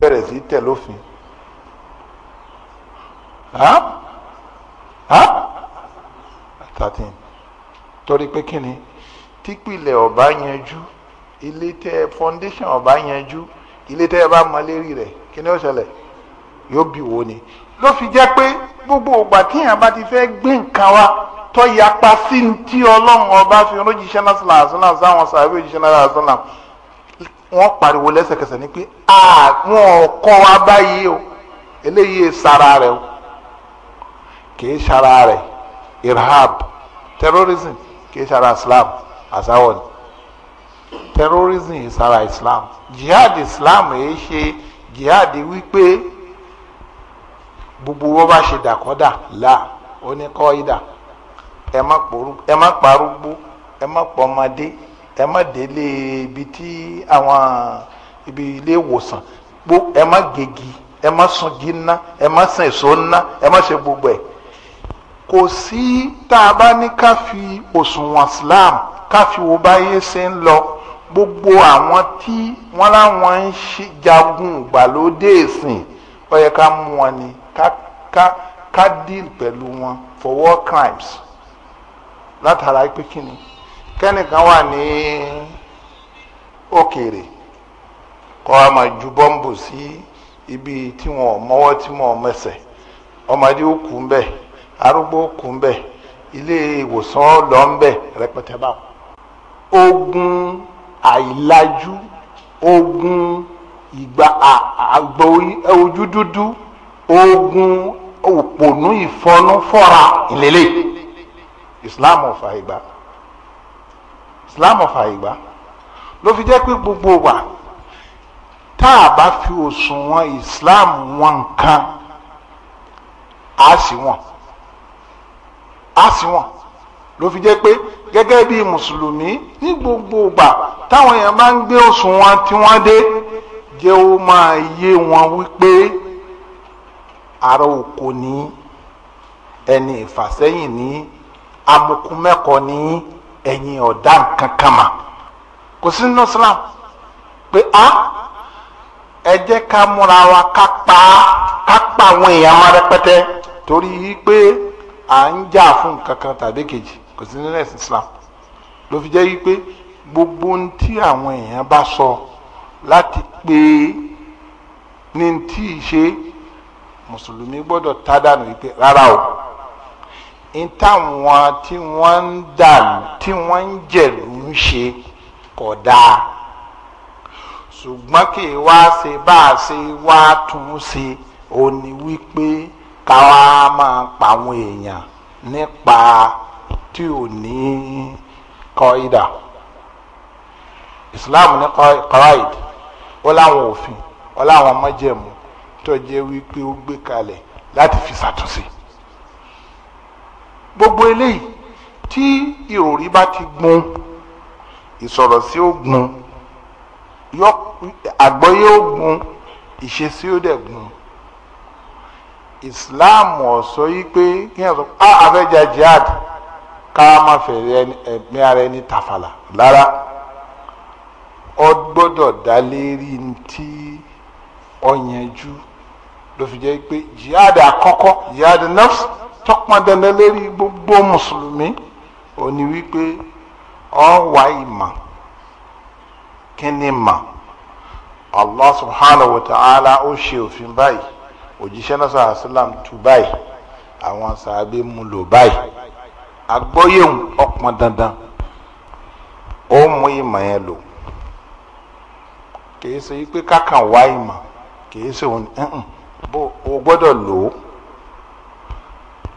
bẹ̀rẹ̀ sí tẹ̀ lófin thirteen torí pé kí ni típìlẹ̀ ọ̀bá yanjú ilé tẹ foundation ọ̀bá yanjú ilé tẹ bá mọ lérí rẹ̀ kí ni ó ṣẹlẹ̀ yóò bí wo ni ló fi jẹ́ pé gbogbo ìgbà tíyàn bá ti fẹ́ gbé nǹkan wa tó yapa sí ti ọlọ́run ọba fi ránṣẹ́ náà sílàsílà sáwọn sàbẹ̀ òjíṣẹ́ náà sílàsílà wọ́n pariwo lẹ́sẹ̀kẹsẹ̀ ni pé àwọn ọkọ wa báyìí o eléyìí sara rẹ o kìí sara rẹ irhab terrorism kìí sara islam àsáwọ̀ ni terrorism yìí sara islam jihad islam yìí ṣe jihad wípé gbogbo wọn bá ṣe dàkọ́dà là oníkọ́ ìdà ẹ má parúgbó ẹ má pọ̀ ọmọdé ẹ má délé ibi tí àwọn ibi ilé ìwòsàn gbó ẹ má gègì ẹ má sunjí ńná ẹ má sàn èso ńná ẹ má ṣe gbogbo ẹ kò sí tá a bá ní ká fi òṣùwọ̀n Islam ká fi wo báyé ṣe ń lọ gbogbo àwọn tí wọ́n láwọn ń jagun ìgbàlódé ìsìn ó yẹ ká mú wọn ni ká ká ká deal pẹ̀lú wọn for war crimes látara pé kí ni kẹ́nìkan wà ní òkèèrè kọ́ a máa ju bọ́ǹbù sí ibi tí wọ́n mọ́wọ́ tí wọ́n mẹsẹ̀ ọmọdé ó kú ń bẹ̀ arúgbó ó kú ń ilé ìwòsàn lọ ń bẹ̀ rẹpẹtẹ báwọn. ogun àìlájú ogun ìgbà àgbà ojú dúdú ogun òpònú ìfọnú fọ́ra ìlélẹ̀ Islam ọ̀fà ìgbà islam ọ̀fà ìgbà ló fi jẹ́ pé gbogbo wa tá a bá fi òṣùwọ̀n islam wọn nǹkan á sì wọ̀n á sì wọ̀n ló fi jẹ́ pé gẹ́gẹ́ bí mùsùlùmí ní gbogbo ìgbà táwọn èèyàn bá ń gbé òṣùwọ̀n tí wọ́n dé jẹ́ ó máa yé wọn wípé ara òkò ní ẹni ìfàsẹ́yìn ní amukumẹ́kọ ní ẹ̀yin ọ̀dá nǹkan kan mà kò sí nínú Islam pé a ẹ jẹ́ ká múra wa ká pa ká pa àwọn èèyàn wa rẹpẹtẹ torí pé à ń jà fún nǹkan kan tàbí kejì kò sí nínú Islam ló fi jẹ́ pé gbogbo ohun tí àwọn èèyàn bá sọ láti pé ní tí ì ṣe mùsùlùmí gbọ́dọ̀ tá dànù wípé rárá o n táwọn tí wọ́n ń dàlú tí wọ́n ń jẹ̀lú ń ṣe kò dáa ṣùgbọ́n kì í wá ṣe bá a ṣe wá tún ṣe ó ní wípé káwa máa pa àwọn èèyàn nípa tí ò ní kọ́ídà Islam ní kọ́íd ó láwọn òfin ó láwọn májẹ̀mú tó jẹ́ wípé ó gbé kalẹ̀ láti fi ṣàtúnṣe gbogbo eléyìí tí ìròrí bá ti gun ìsọ̀rọ̀ sí ó gun àgbọ́yé ó gun ìṣesí ó dẹ̀ gun Islam ọ̀sọ́ yìí pé kí ẹ̀ sọ pé a afẹ́jà jihad ká má fẹ̀rẹ̀ ẹ̀mí ara ẹni tàfàlà lára ọ gbọ́dọ̀ dá lérí ti ọ̀yànjú ló fi jẹ́ pé jihad àkọ́kọ́ jihad nafs tó pọn dandan lérí gbogbo mùsùlùmí ó ní wípé ọ wá ìmọ̀ kí ni ìmọ̀ allah subhanahu wa ta'ala ó ṣe òfin báyìí òjíṣẹ́ náà sọ àṣìlám tu báyìí àwọn sàábé mu lò báyìí àgbọ́yé ọ̀pọ̀n dandan ó mú ìmọ̀ yẹn lò kì í ṣe pé kákan wá ìmọ̀ kì ṣe òun bó o gbọ́dọ̀ lò ó.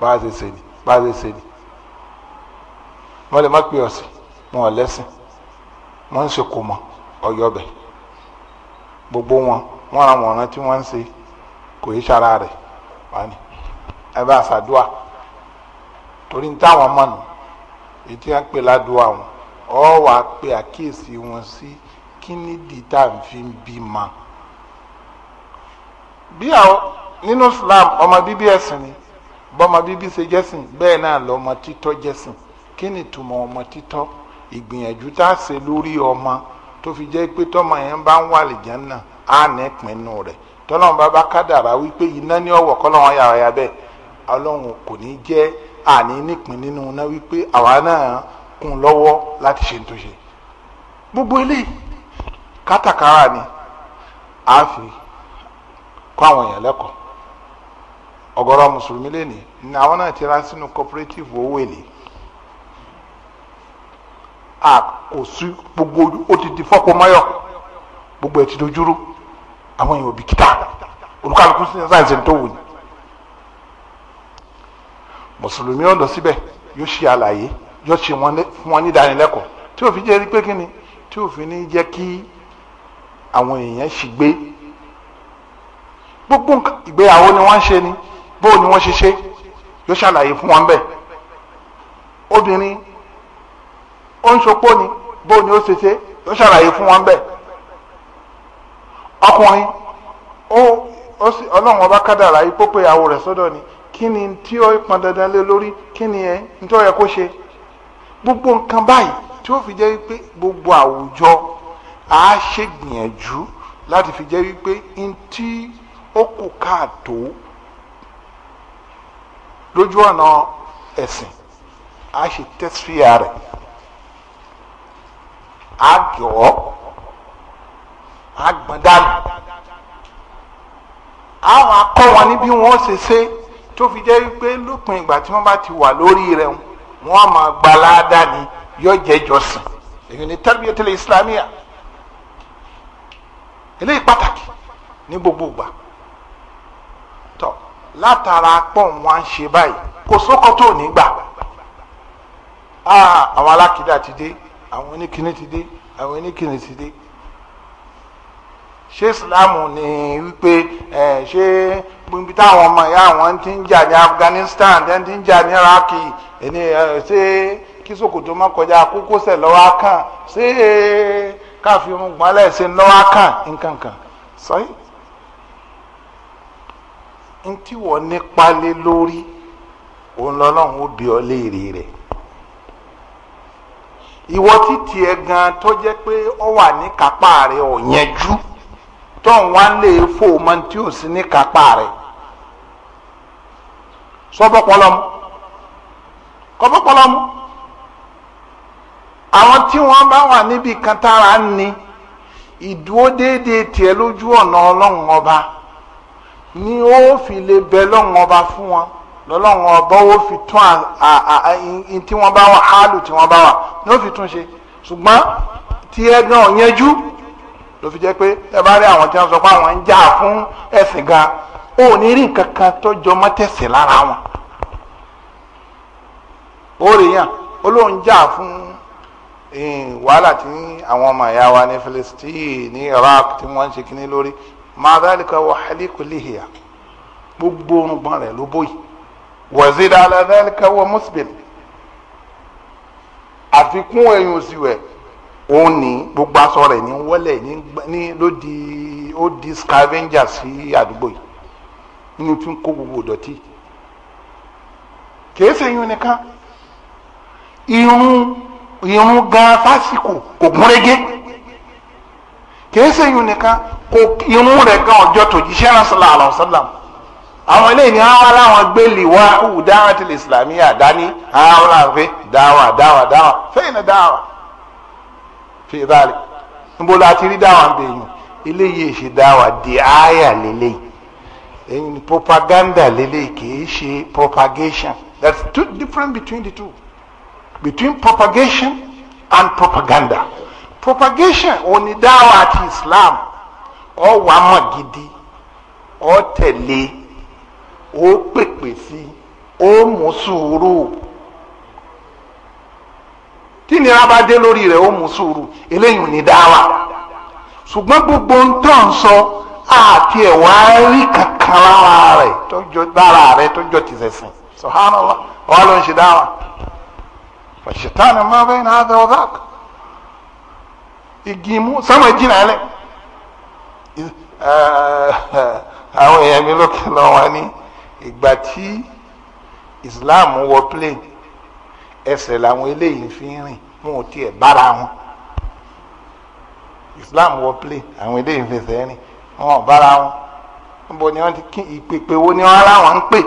báàzẹ ṣe ni báàzẹ ṣe ni wọn lè má wọn ò gbogbo wọn wọn àwọn tí wọn ń kò yí sara rẹ wani ní ẹ torí a táwọn mọ̀ nù wọn ọ wà á wọn si kí nídìí tá à fi bímọ bí àwọn nínú Islam ọmọ bíbí ni. bọ́mọ bíbí ṣe jẹ́sìn bẹ́ẹ̀ náà lọ́mọ títọ́ jẹ́sìn kí ni ìtumọ̀ ọmọ títọ́ ìgbìyànjú tá a ṣe lórí ọmọ tó fi jẹ́ pé tọ́mọ yẹn bá ń wà lè jẹun náà á nẹ́pinnu rẹ̀ tọ́lọ́run bá bá kádàrá wípé iná ní ọ̀wọ̀ kọ́lọ́run yàrá yà ọlọ́run kò ní jẹ́ àní nípìn nínú iná wípé àwa náà kún lọ́wọ́ láti ṣe tó ṣe gbogbo eléyìí kátàkárà ni a kọ́ àwọn èèyàn lẹ́kọ̀ọ́ ọ̀gọ̀rọ̀ mùsùlùmí lẹ́ni ní àwọn náà ti ra sínú cooperative owó èlé a kò sí gbogbo ó ti di fọ́pọ́mọ́yọ̀ gbogbo ẹ̀ ti dojúrú àwọn èèyàn òbíkítà olùkàlùkù sí sáyẹ̀nsì tó wù ní mùsùlùmí ó lọ síbẹ̀ yóò ṣe àlàyé yóò ṣe fún wọn ní ìdánilẹ́kọ̀ọ́ tí òfin jẹ́ rí pé kí ni tí òfin ní jẹ́ kí àwọn èèyàn ṣì gbé gbogbo ìgbéyàwó ni wọ́n ń ṣe ni bó ni wọ́n ṣe ṣe yóò ṣàlàyé fún wọn bẹ́ẹ̀ obìnrin ó ń ṣopó ni bó ni ó ṣe ṣe yóò ṣàlàyé fún wọn bẹ́ẹ̀ ọkùnrin ó ó sì ọlọ́run ọba kádàrá yìí pópé ìyàwó rẹ̀ sọ́dọ̀ ni kí ni tí ó pọn dandan lé lórí kí ni ẹ ní tó yẹ kó ṣe gbogbo nǹkan báyìí tí ó fi jẹ́ wípé gbogbo àwùjọ á ṣègbìyànjú láti fi jẹ́ wípé ntí ó kù káàtó lójú ọ̀nà ẹ̀sìn a ṣe tẹ́sífìyà rẹ̀ a jọ̀ọ́ a gbọ̀n dànù àwọn akọ́ wọn ní bí wọ́n ṣe ṣe tó fi jẹ́ wípé lópin ìgbà tí wọ́n bá ti wà lórí rẹ̀ wọ́n máa gba ni yóò jẹ́ ìjọsìn èyí ni tarbiyatul islamiyya eléyìí pàtàkì ní gbogbo ìgbà látara pọ̀ wọn à ń ṣe báyìí kò sókò tó nígbà àwọn alákìdá ti dé àwọn oníkìní ti dé àwọn oníkìní ti dé ṣé ìsìláàmù ni wípé ẹ ṣé gbogbo táwọn ọmọ ìyá àwọn ti ń jà ní Afghanistan tẹ́ ti ń jà ní Iraki ẹni ẹ ṣé kí ṣòkòtò má kọjá kókósẹ̀ lọ́wọ́ kàn ṣé káfíńgbọ́n lẹ̀ ṣe lọ́wọ́ kàn nǹkan kan sọ́yìn. ntí wọ́n nípa lé lórí òun lọ́lọ́run ó bí ọ léèrè rẹ̀ ìwọ pé ọ wà ní kápá rẹ̀ ò tó ń wá lè e fò mọ tí ò sí ní kápá rẹ̀ sọ́bọ̀pọ̀lọ́mù kọ́bọ̀pọ̀lọ́mù ni ìdúró déédéé lójú ọba. ni ó fi lè bẹ lọ́wọ́n ọba fún wọn lọ́lọ́wọ́n ọba ó fi tún àhìn tí wọ́n bá wà hálù tí wọ́n bá wà ni ó fi tún ṣe ṣùgbọ́n tí ẹ náà yẹjú ló fi jẹ́ pé ẹ bá rí àwọn tí wọ́n sọ pé àwọn ń jà fún ẹ̀sìn gan ò ní rí nǹkan kan tó jọ mọ́tẹ̀sìn lára wọn ó rí yàn ó lóun jà fún eh, wàhálà tí àwọn ọmọ ìyá wa ní Palestine ní Iraq tí wọ́n ń ṣe kínní lórí màdàlíkà wà hàlíkù lìhìyà gbogbo orungbọn rẹ ló bóyì wàzídà aládàlíkà wà mùsùlùmí àfikún ẹ̀yìn òsì rẹ òun ní gbogbo aṣọ rẹ ní wọlé ní ló di ó di scavenger sí àdúgbò yìí nínú tí kó gbogbo dọ̀tí kìí ṣe nìkan irun irun gan fásitì kò gúnrégé kìí ṣe yun nìkan kò irun rẹ̀ gan ọjọ́ tòjíṣẹ́ náà sọlá àlọ́ sọlá àwọn eléyìí ni àwọn aláwọn gbé liwa hù dáhà tí islamiyà dání àwọn àfẹ dáwà dáwà dáwà fẹ́yìn dáwà fi ìbáàlì níbo la ti rí dáwà ń bẹ yun eléyìí ṣe dáwà di àyà lélẹ́yìí ẹyin propaganda lélẹ́yìí kìí ṣe propagation that's two different between the two between propagation and propaganda propagation òun ni dáwà àti Islam o wà mọ̀ gidi o tẹ̀lé o pèpè sí ó mú sùúrù tí ni a bá dé lórí rẹ̀ ó mú sùúrù eléyìí ni dáwà ṣùgbọ́n gbogbo ń tọ́ ń sọ àti ẹ̀wà rí kankan lára rẹ̀ tọ́jọ́ lára rẹ̀ tọ́jọ́ ti sẹ̀sìn subhanallah wà ló ń ṣe dáwà fàṣetánì máa bẹ́ẹ̀ ní adé ọ̀dàkùn igi mú sánmà jìnnà lẹ àwọn èèyàn mi lókè lọ wọn ni ìgbà tí Islam wọ plane ẹsẹ̀ làwọn eléyìí fi ń rìn wọn ò tiẹ̀ bára wọn Islam wọ plane àwọn eléyìí fi ẹsẹ̀ rìn wọn ò bára wọn níbo ni wọn ti kí ìpèpè wo ni wọn aláwọn ń pè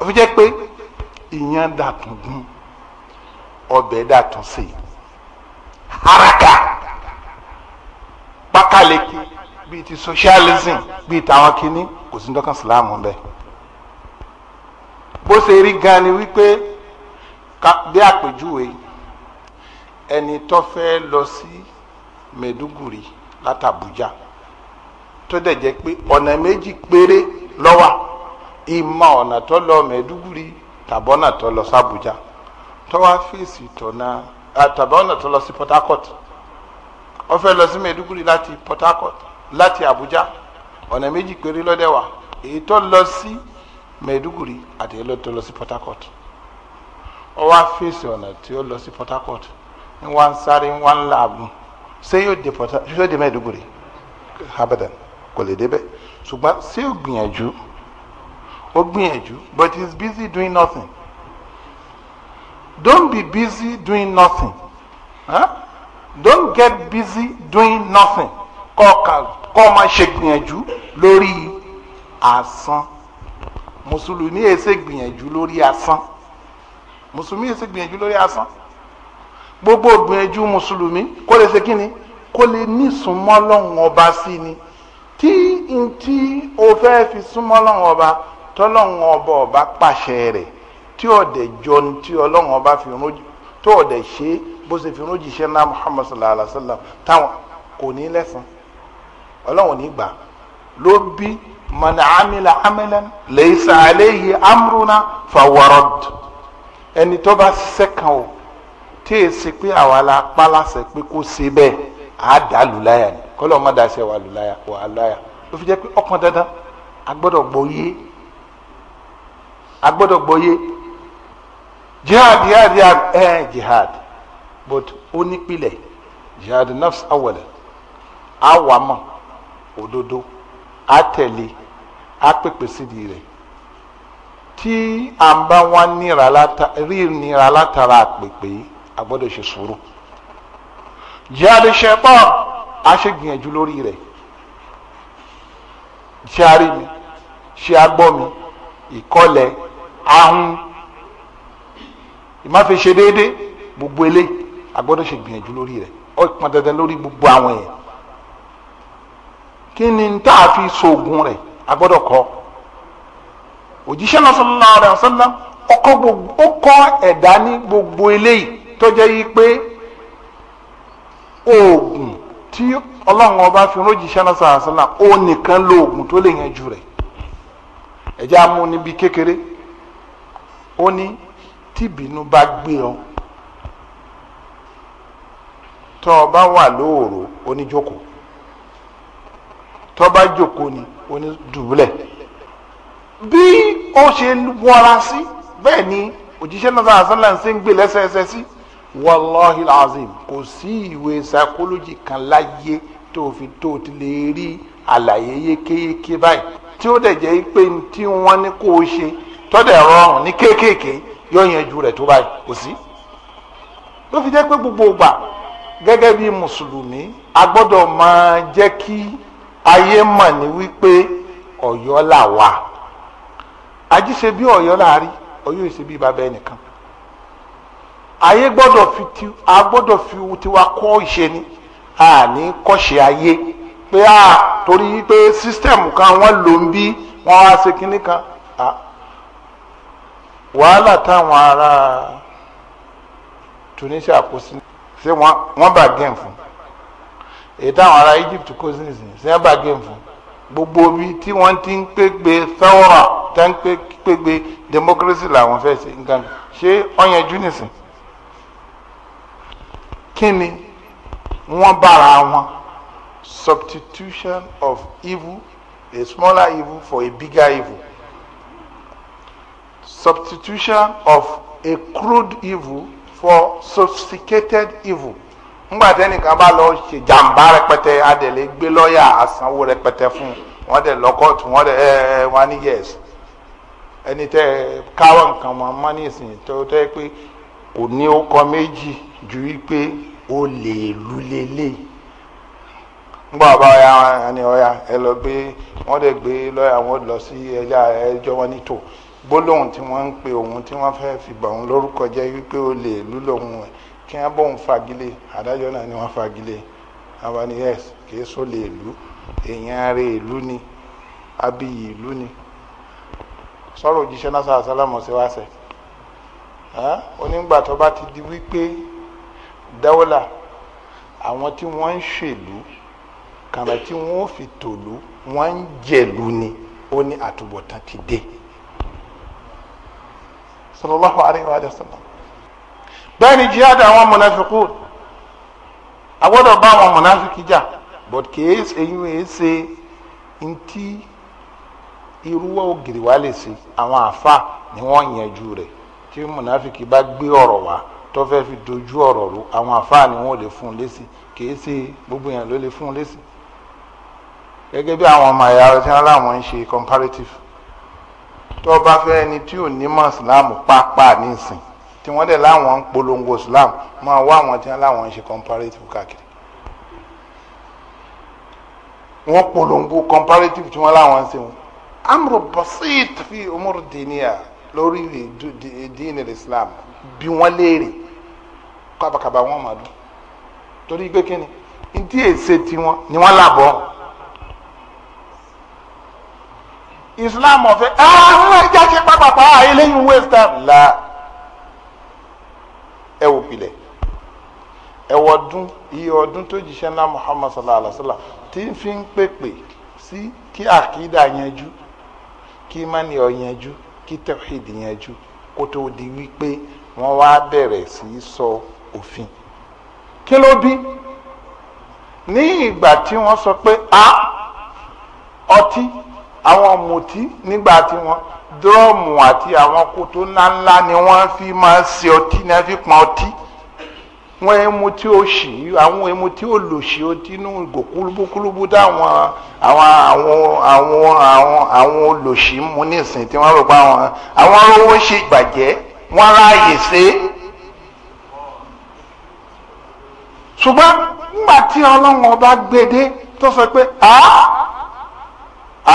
ó fi jẹ́ pé ìyàn dàtún gún ọbẹ̀ dàtún sèé. haraka pákáleke bíi ti socialism bíi tàwọn kìíní kò sí dọ́kàn síláàmù ń bó ṣe rí gan ni wípé bí àpèjúwe ẹni tó fẹ́ lọ sí Maiduguri látàbújá tó dẹ̀ jẹ́ pé ọ̀nà méjì péré lọ́wà ìmọ̀ ọ̀nà tó lọ Maiduguri tàbọ̀nà tó lọ tó wá fèsì tọ̀nà tàbí ọ̀nà tó lọ sí Port Harcourt ó fẹ́ lọ sí Maiduguri láti Port Harcourt láti Abuja ọ̀nà méjì péré lọ́dẹ̀ wà èyí tó lọ sí Maiduguri àti èyí tó lọ sí Port Harcourt ó wá fèsì ọ̀nà tí ó lọ sí Port Harcourt ní wá ń sáré wá ń làágùn ṣé yóò dé Maiduguri abadan kò lè débẹ̀ ṣùgbọ́n ṣé ó gbìyànjú ó gbìyànjú but he is busy doing nothing Don't be busy doing nothing. Huh? Don't get busy doing nothing. Kọ́ kọ́ máa ṣe gbìyànjú lórí asán. Mùsùlùmí ẹ ṣe gbìyànjú lórí asán. Mùsùlùmí ẹ ṣe gbìyànjú lórí asán. Gbogbo gbìyànjú Mùsùlùmí kó lè ṣe kí ni? Kó lè ní súnmọ́ lọ́hùn ọba sí ni. Tí n tí o fẹ́ fi súnmọ́ lọ́hùn ọba tọ́lọ́hùn ọba ọba pàṣẹ rẹ̀ tí ọ̀dẹ̀ jọ tí ọlọ́run ọba fi rún tó ọ̀dẹ̀ ṣe bó ṣe fi rún jíṣẹ́ náà muhammad sallallahu alayhi wa sallam táwọn kò ní lẹ́sìn ọlọ́run ní gbà ló bí man amila amalan laysa alayhi amruna fawarad ẹni tó bá ṣiṣẹ́ kan o tí è ṣe pé àwa la pa láṣẹ pé kó ṣe bẹ́ẹ̀ á dà lùláyà ni kọ́lọ́ má dà ṣe wà lùláyà wà lùláyà ló fi jẹ́ pé ọkàn dandan a gbọ́dọ̀ yé a gbọ́dọ̀ yé jihad jihad jihad ẹ eh, jihad but ó nípìlẹ̀ jihad nafs awọlẹ̀ awàmọ̀ òdodo àtẹ̀lé àpèpè sídìí rẹ̀ tí à ń bá wọn rí nira látara àpèpè a gbọ́dọ̀ ṣe sùúrù jihad ṣẹ̀tán a ṣe gbìyànjú lórí rẹ̀ ṣe arí mi ṣe agbọ́ mi ìkọlẹ̀ ahun. i ṣe fi gbogbo elé agbọ́dọ̀ ṣe gbìyànjú lórí lori ó pọn dandan lórí gbogbo àwọn yẹn kí ni tá a fi sògùn rẹ agbọdọ kọ òjíṣẹ́ náà sallallahu alaihi wasallam ó kọ́ ẹ̀dá ní gbogbo eléyìí tó jẹ́ yí pé oògùn tí ọba fi rójíṣẹ́ náà sallallahu alaihi ó nìkan lo oògùn tó lè yanjú rẹ̀ ẹ̀já mú níbi kékeré ó tíbínú bá gbé ọ tọ́ ọ bá wà lóòrò oníjókòó tọ́ bá jókòó ni onídùbúlẹ̀ bí ó ṣe wọra sí bẹ́ẹ̀ ni òjíṣẹ́ náà sàlẹ̀ ṣe ń gbé lẹ́sẹẹsẹ sí wàláhi azim kò sí ìwé psychology kan láyé tó fi tó ti lè rí àlàyé yékéyéké báyìí tí ó dẹ̀ jẹ́ pé tí wọ́n ní kó o ṣe tọ́dẹ̀ rọrùn ní kéékèèké yóò yanjú rẹ̀ tó báyìí kò sí. ló fi jẹ́ pé gbogbo ìgbà gẹ́gẹ́ bí mùsùlùmí a gbọ́dọ̀ máa jẹ́ kí ayé mọ̀ ní wípé ọ̀yọ́ là wà àjíṣe bí ọ̀yọ́ là rí ọ̀yọ́ ìṣe bí bàbá ẹnìkan ayé gbọ́dọ̀ fi ti a gbọ́dọ̀ fi tiwa kọ́ ìṣe ni a ní kọ́ṣe ayé pé a torí pé sísítẹ̀mù kan wọ́n lò ń bí wọ́n wá ṣe kinní kan wàhálà táwọn ará Tunisia kó sí ṣé wọ́n bá gẹ̀ fún èyí táwọn ará Egypt kó sí nìsín ṣé wọ́n bá gẹ̀ fún gbogbo bí tí wọ́n ti ń pégbe thawra tá ń pégbe democracy làwọn fẹ́ ṣe nǹkan ṣé ọ̀yànjú nìsín kí ni wọ́n bára wọn substitution of evil a smaller evil for a bigger evil substitution of a crude evil for sophisticated evil ńgbà tẹnìkan bá lọ ṣe jàǹbá rẹpẹtẹ adẹlẹ gbé lọ́ọ̀yà àsanwó rẹpẹtẹ fún wọn dẹ lọkọọtù wọn dẹ ẹ ẹ wọn ní yẹs ẹni tẹ káwọn nǹkan wọn mọ nísìnyí tó tẹ pé kò ní ó kọ méjì ju wípé ó lè lulẹ̀lẹ̀ ngbọ́ àbá ọ̀ya ẹni ọ̀ya ẹ lọ gbé wọ́n dẹ̀ gbé lọ́ọ̀yà wọn lọ sí ẹjọ́ wọn ní tò gbólóhùn tí wọ́n ń pe òun tí wọ́n fẹ́ fi bà òun lórúkọ jẹ́ wípé ó lè lú lòun ẹ̀ kí wọ́n bóun fagilé adájọ́ náà ni wọ́n fagilé àwa ni yes kìí sọ lè lú èèyàn ara ìlú ni abiyì ìlú ni sọ̀rọ̀ òjíṣẹ́ náà sọ̀rọ̀ sálámù sí onígbà tó bá ti di wípé dáwọ́là àwọn tí wọ́n ń ṣèlú kàrà tí wọ́n fi tòlú wọ́n ń jẹ̀lú ni ó ní àtúbọ̀tán ti dé sallallahu alaihi wa sallam bẹ́ẹ̀ ni jihad àwọn mọ̀nàfikù agbọ́dọ̀ bá àwọn mọ̀nàfikì jà but kìí ṣèyún ẹ̀ ṣe ntí irú ògiri wa lè ṣe àwọn àfa ni wọ́n yanjú rẹ̀ tí mọ̀nàfikì bá gbé ọ̀rọ̀ wá tó fẹ́ fi dojú ọ̀rọ̀ rú àwọn àfa ni wọ́n lè fún un lésì kìí ṣe gbogbo yẹn ló lè fún un lésì gẹ́gẹ́ bí àwọn ọmọ ẹ̀yà rẹ̀ tí láwọn ń ṣe comparative tó o bá fẹ́ ẹni tí ò ní mọ̀ sílámù pàápàá nísìn tí wọ́n dẹ̀ láwọn ń polongo sílámù máa wá àwọn tí wọ́n láwọn ń ṣe comparative káàkiri wọ́n polongo comparative tí wọ́n láwọn ń ṣe wọn amro basit fi umuru diniya lórí dini islam bí wọ́n léèrè kábàkàbà wọn máa dùn torí pé kí ni ntí èsè tiwọn ni wọ́n làbọ̀ ọ̀hún. islam ọ̀fẹ́ àwọn ẹja ṣe pápápá eléyìí waste time la ẹ wò pilẹ̀ ẹ wọ ọdún iye ọdún tó jíṣẹ́ ńlá muhammad sallallahu alaihi wa sallam tí n fi ń pèpè sí kí àkídà yanjú kí mani ọ yanjú kí tawhid yanjú kó tó di wípé wọ́n wá bẹ̀rẹ̀ sí í sọ òfin kí ló bí ní ìgbà tí wọ́n sọ pé a ọtí. Ah, àwọn mùtí nígbà tí wọ́n dírọ́ọ̀mù àti àwọn kòtò ńláńlá ni wọ́n fi máa ń ṣe ọtí ní wọ́n fi pọn ọtí wọ́n emu tí ó ṣì àwọn emu tí ó lò ṣì ọtí inú ìgò kúlúbúkúlúbú táwọn àwọn àwọn àwọn àwọn àwọn olòṣì mu nísìn tí wọ́n rò pé àwọn àwọn rówó ṣe ìbàjẹ́ wọ́n ráàyè ṣe é ṣùgbọ́n nígbà tí ọlọ́run ọba gbede tó sọ pé àá.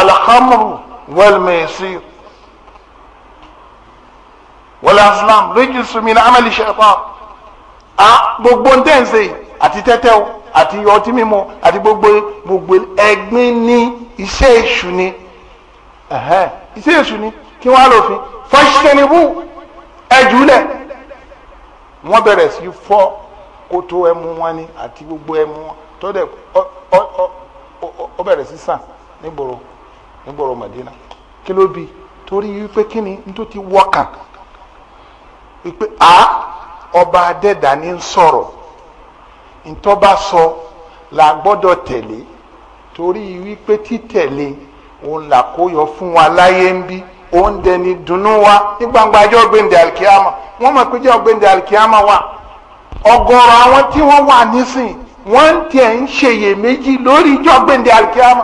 الخمر والميسير والأصنام رجس من عمل الشيطان gbogbo ntẹ́ǹsẹ̀ àti tẹ́tẹ́ o àti ọtí mímu àti gbogbo gbogbo ẹ̀gbin ní iṣẹ́ èṣù ni iṣẹ́ èṣù ni kí wọ́n á lò fi fọ́ṣẹ́nibú ẹ̀júlẹ̀ wọ́n bẹ̀rẹ̀ sí fọ́ kótó ẹmu wọn ni àti gbogbo ẹmu wọn tó dẹ̀ ọ bẹ̀rẹ̀ sí sàn nígboro nígboro Madina kí ló bi torí wípé kí ni nítorí ti wọkàn wípé a ọba adẹ́dà ni ń sọ̀rọ̀ ntọ́ba sọ la gbọ́dọ̀ tẹ̀lé torí wípé títẹ̀lé òun là kó yọ fún wa láyé ń bí òun dẹni dùnnú wa alikiyama wọ́n mọ̀ pé wa àwọn tí wọ́n wà nísìn wọ́n tiẹ̀ ń alikiyama.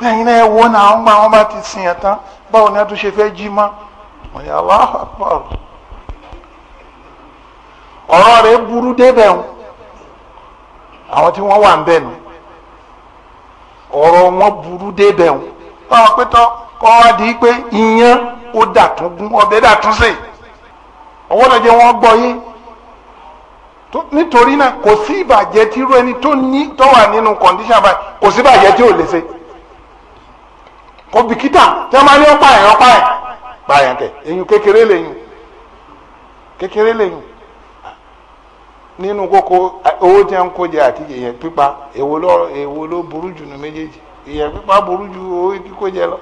pé ẹ̀yin náà wọ́n náà ń gba wọn bá ti sìn ẹ̀ tán báwo ni a tún ṣe fẹ́ jí mọ́ ọ̀yà aláhà pọ̀rọ̀ ọ̀rọ̀ rẹ̀ burú débẹ̀ wọn àwọn tí wọ́n wà ń bẹ̀ nù ọ̀rọ̀ wọn burú débẹ̀ wọn báwọn pé kọ́ wá di pé iyán ó dàtún gún ọbẹ̀ dàtún sè ọwọ́ náà jẹ́ wọ́n gbọ́ yé nítorí náà kò sí ìbàjẹ́ tí irú ẹni tó ní tó wà nínú kọ̀ǹdíṣàn báyìí kò sí ìbàjẹ́ tí ò lè ṣe. kò bìkítà tí a máa ní ọpá ẹ̀ ọ̀pá ẹ̀ báyà eyín kékeré lẹ́yìn kékeré lẹ́yìn nínú kókó owó tí àti ìyẹn pípa èwo ló èwo ló burú jù nù méjèèjì ìyẹn pípa burú ju owó kíkó lọ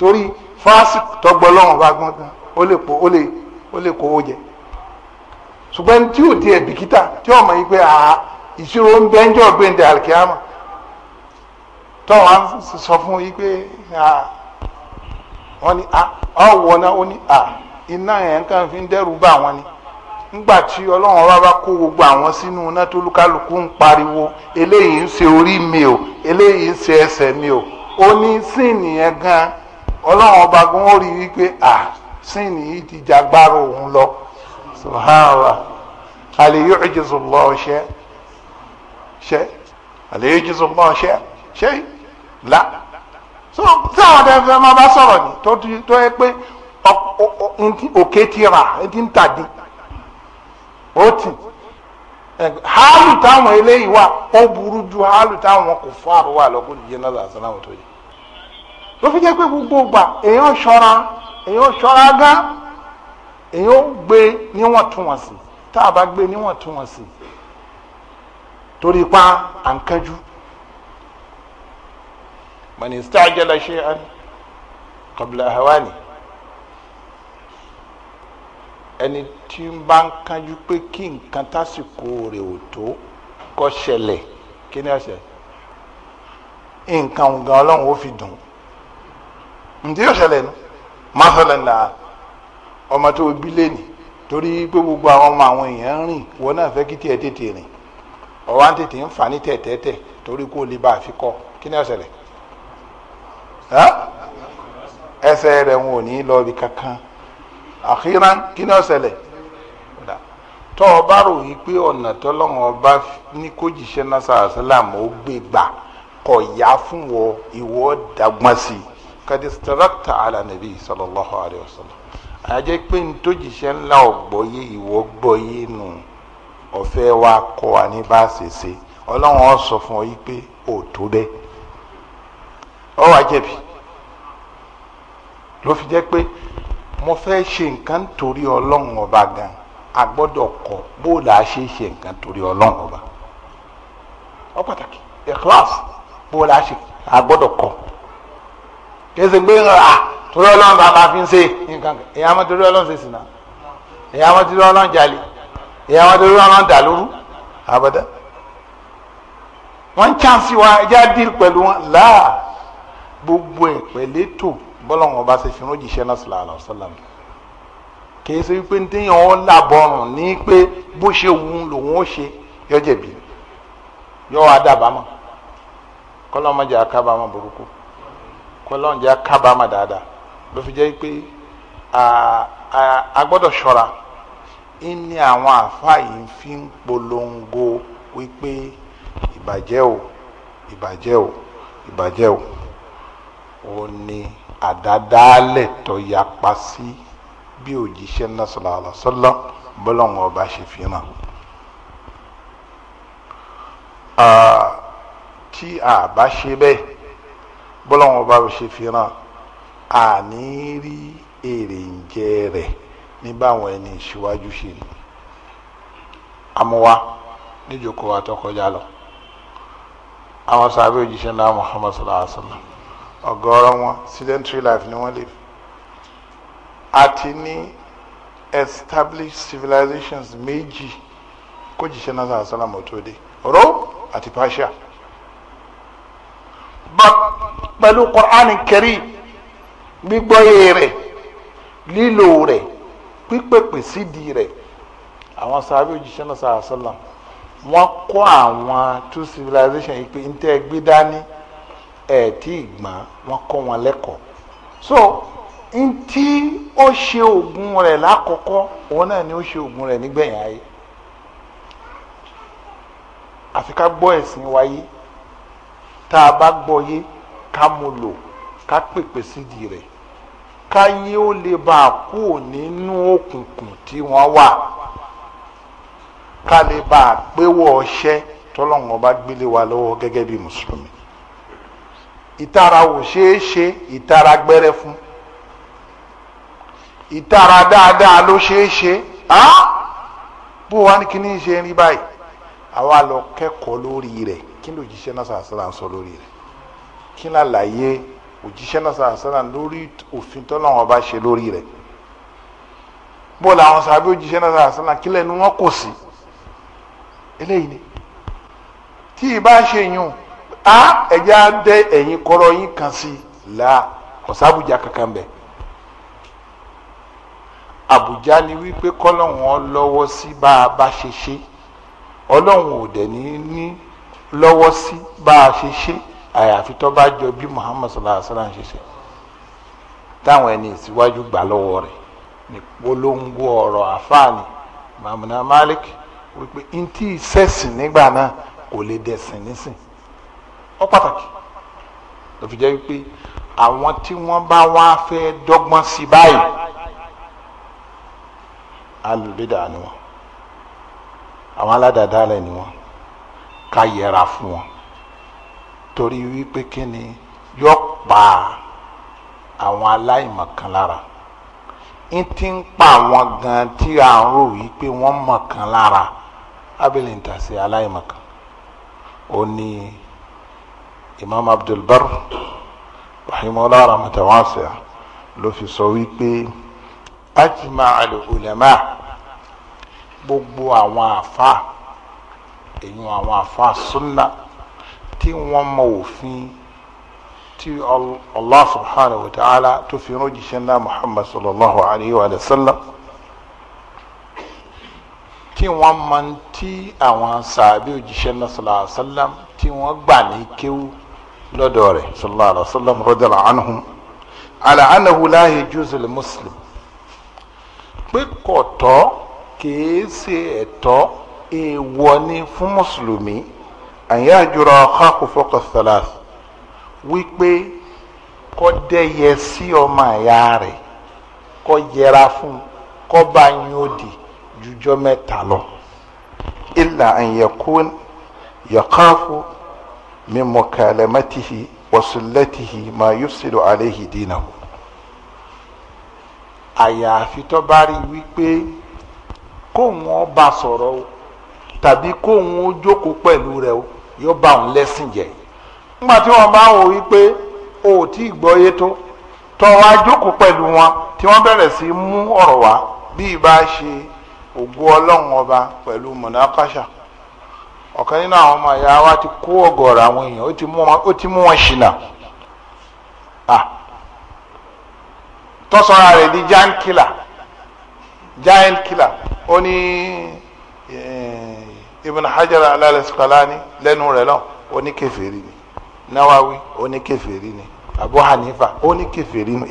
torí fásitì tọgbọlọ́wọ́n bá tán ó lè po ó lè ó lè kówó jẹ ṣùgbọ́n tí ò bìkítà tí ọmọ yìí pé tó wọn sọ fún yí pé wọn ni ọwọ náà ó ní iná yẹn kàn fi ń dẹ́rù wọn ni nígbà tí ọlọ́run bá kó gbogbo àwọn sínú iná tó lúkálùkù ń pariwo eléyìí ń se orí mi o eléyìí ń se ẹsẹ̀ mi o ó ní síìnì la so tí àwọn ọ̀dẹ fẹ́ máa bá sọ̀rọ̀ ni tó ti tó yẹ pé òkè ti rà ti ń tàdé ó tì hálù táwọn eléyìí wà ó burú ju hálù táwọn kò fún àrùwà lọ́kùn jíjẹ náà làásán láwọn tó yẹ ló fi jẹ́ pé gbogbo gbà èèyàn ṣọ́ra èèyàn ṣọ́ra gán èèyàn gbé níwọ̀ntúnwọ̀nsì tá a bá gbé níwọ̀ntúnwọ̀nsì torí pa à ń kánjú. من استعجل شيئا قبل أهوانه ẹni tí ń bá ń kánjú pé kí nǹkan tásìkò rẹ̀ ò tó kó ṣẹlẹ̀ kí ni ọ̀sẹ̀ nǹkan ògàn ọlọ́run ó fi dùn ǹdí yóò ṣẹlẹ̀ nu máa ṣẹlẹ̀ nà ọmọ tó o bí lẹ́nì torí pé gbogbo àwọn ọmọ àwọn èèyàn ń rìn wọn náà fẹ́ kí tiẹ̀ tètè rìn ọ̀wá tètè ń fà ní tẹ̀tẹ̀tẹ̀ torí kó o lè bá a fi kọ́ kí ni ọ̀sẹ̀ rẹ̀ ẹsẹ̀ rẹ̀ wọn ò kankan àkíran kí ni ó ṣẹlẹ̀ ọ bá rò yí pé ọ̀nà tọ́lọ́wọ́n ọba ní kó jíṣẹ́ náà sàásálàmù ó gbé gbà kọ̀ yá fún dàgbọ́n sí i ala nabi sallallahu alayhi wa sallam àyájẹ́ pé ní tó jíṣẹ́ ńlá ọ̀gbọ́yé ìwọ gbọ́yé nù ọ̀fẹ́ wa kọ́ wa ní bá ọ wà jẹ̀bi ló fi jẹ́ pé mo fẹ́ ṣe nǹkan torí ọlọ́run ọba gan a gbọ́dọ̀ kọ bó la ṣe ṣe nǹkan torí ọlọ́run ọba ọ pàtàkì ikhlas bó la ṣe a gbọ́dọ̀ kọ kẹsì gbé ńlá ah, torí ọlọ́run bàbá fi ń ṣe nǹkan èyàn máa torí ọlọ́run ṣe sì náà èyàn máa torí ọlọ́run jalè èyàn máa torí ọlọ́run dà lóru àbọ̀dá ń chance wa ẹja deal pẹ̀lú wọn láà gbogbo ẹ̀ pẹ̀lẹ́ tó bọ́lọ́wọ́n bá ṣe fínú jíṣẹ́ náà sílá àlọ́ sálàm kìí ṣe wípé téèyàn ó làbọ̀rùn ní pé bó ṣe wù ú lòun ó ṣe yọ jẹ̀bi yọ wá dábàámọ̀ kọ́lọ́mọdé akábàámọ̀ burúkú kọ́lọ́mọdé akábàámọ̀ dáadáa ló fi jẹ́ pé a gbọ́dọ̀ ṣọ́ra ní àwọn àáfàá yìí fi ń polongo wípé ìbàjẹ́ o ìbàjẹ́ o ìbàjẹ́ o òun ni àdádálẹ̀ tó yapa sí bí òjíṣẹ́ náà sallallahu alaihi bọ́lọ́hún ọba ṣe fi hàn. tí a bá ṣe bẹ́ẹ̀ bọ́lọ́hún ọba ṣe fi hàn a ní rí èrè ń jẹ rẹ̀ ní báwọn ẹni ìṣíwájú ṣe ni amúwa níjókòó àtọkọjá lọ àwọn sábẹ́ òjíṣẹ́ náà Muhammad sallallahu alaihi wasallam ọ̀gọ̀ọ̀rọ̀ wọn sedentary life ni wọ́n live àti ní established civilizations méjì kó jìṣẹ́ náà sàn sálàmù tó dé Rome àti Persia but pẹ̀lú Qur'an Karim gbígbọ́yé rẹ̀ lílo rẹ̀ pípèpè sídìí rẹ̀ àwọn sábẹ́ òjìṣẹ́ náà sàn sálàmù wọ́n kọ́ àwọn two civilizations yìí pé ntẹ́ gbé dání ẹ̀ tí ìgbọ́n wọn kọ́ wọn lẹ́kọ̀ọ́ so n tí ó ṣe oògùn rẹ̀ lákọ̀ọ́kọ́ òun náà ni ó ṣe oògùn rẹ̀ nígbẹ̀yìn ayé àfi ká gbọ́ ẹ̀sìn wáyé tá a bá gbọ́ yé ká mo lò ká pèpè sídìí rẹ̀ káyé ó lè bá a kúrò nínú òkùnkùn tí wọ́n wà ká lè bá a pé wọ́ ọṣẹ́ tọ́lọ́run ọba gbélé wa lọ́wọ́ gẹ́gẹ́ bí mùsùlùmí ìtara ò ṣeé ṣe ìtara gbẹrẹ fún ìtara dáadáa ló ṣeé ṣe bó wa ní kíní ṣe ń rí báyìí àwa lọ kẹ́kọ̀ọ́ lórí rẹ̀ kí ló jíṣẹ́ náà sàásàlà ń sọ lórí rẹ̀ kí ló àlàyé òjíṣẹ́ náà sàásàlà lórí òfin tọ́lọ́wọ́n bá ṣe lórí rẹ̀ bó làwọn sàbí òjíṣẹ́ náà sàásàlà kí lẹ́nu wọn kò sí eléyìí ni tí ì bá ṣe yùn a ẹ̀jẹ̀ á dẹ ẹ̀yìn kọ́rọ́ yín kan sí la ọ̀sàbùjá kankan bẹ̀. abuja ni wípé kọ́lọ́hún lọ́wọ́ sí bá a bá ṣe ṣe ọlọ́hun ò dẹ̀ ní ní lọ́wọ́ sí bá a ṣe ṣe àyàfi tó bá jọ bí Muhammad sallallahu alaihi wasallam ṣe ṣe táwọn ẹni ìsíwájú gbà lọ́wọ́ rẹ̀ ní polongo ọ̀rọ̀ àfáàní Mamuna Malik wípé ntí sẹ́sìn nígbà náà kò lè dẹ̀sìn nísìn ó pàtàkì ló fi jẹ́ pé àwọn tí wọ́n bá wá fẹ́ dọ́gbọ́n sí báyìí alùbídà ni wọn àwọn aládàdálẹ̀ ni wọn ká yẹra fún wọn torí wípé kí ni yọ pa àwọn aláìmọ̀kan lára ń ti ń pa àwọn gan tí à ń rò wípé wọ́n mọ̀kan lára abẹ́lẹ̀ ń tà ó ní imam abdulbar rahimahullah rahmatan wasi'a ló fi sọ wípé ajma al-ulama gbogbo àwọn àfa èyí àwọn àfa sunna tí wọ́n mọ òfin tí allah subhanahu wa ta'ala tó fi ránjíṣẹ́ ńlá muhammad sallallahu alayhi wa sallam tí wọ́n mọ tí àwọn sàbí òjíṣẹ́ ńlá sallallahu alayhi wa sallam tí wọ́n gbà ní kéwù lọ́dọ̀ rẹ̀ sallallahu alaihi wa sallam rọ́dàlá anhum ala anahu la yajuzu li muslim pé kọ̀tọ́ kìí ṣe ẹ̀tọ́ èèwọ̀ ni fún mùsùlùmí àyà àjùrọ̀ ọ̀hákù fọ́kọ̀ sàlàs wípé kọ́ dẹ́yẹ sí ọmọ àyà rẹ̀ kọ́ yẹra fún kọ́ bá yín òdì mẹ́ta lọ. ìlà àyẹ̀kú yọ̀káfù. من مكالمته وصلته ما يفسد عليه دينه àyàfi في تباري ويبي wípé kóun ọba sọ̀rọ̀ o tàbí kóun ó jókòó pẹ̀lú rẹ o yóò bá òun lẹ́sìn jẹ́ nígbà tí wọ́n bá wò wípé o ò tí ì gbọ́ yé tó tọ́ wa jókòó pẹ̀lú wọn tí wọ́n bẹ̀rẹ̀ sí mú ọ̀rọ̀ wá bí ibà ṣe ògo ọlọ́run ọba pẹ̀lú mọ̀nàkàṣà ọ̀kan nínú àwọn ọmọ ìyá wa ti kó ọ̀gọ̀ọ̀rọ̀ àwọn èèyàn ó ti mú wọn ṣìnà tọ́sọ̀rọ̀ rẹ̀ di giant killer giant killer ó ní eh, Ibn Hajar al-Asqalani lẹ́nu rẹ̀ náà ó ní kèfèrí ni Nawawi ó ní kèfèrí ni Abu Hanifa ó ní kèfèrí ni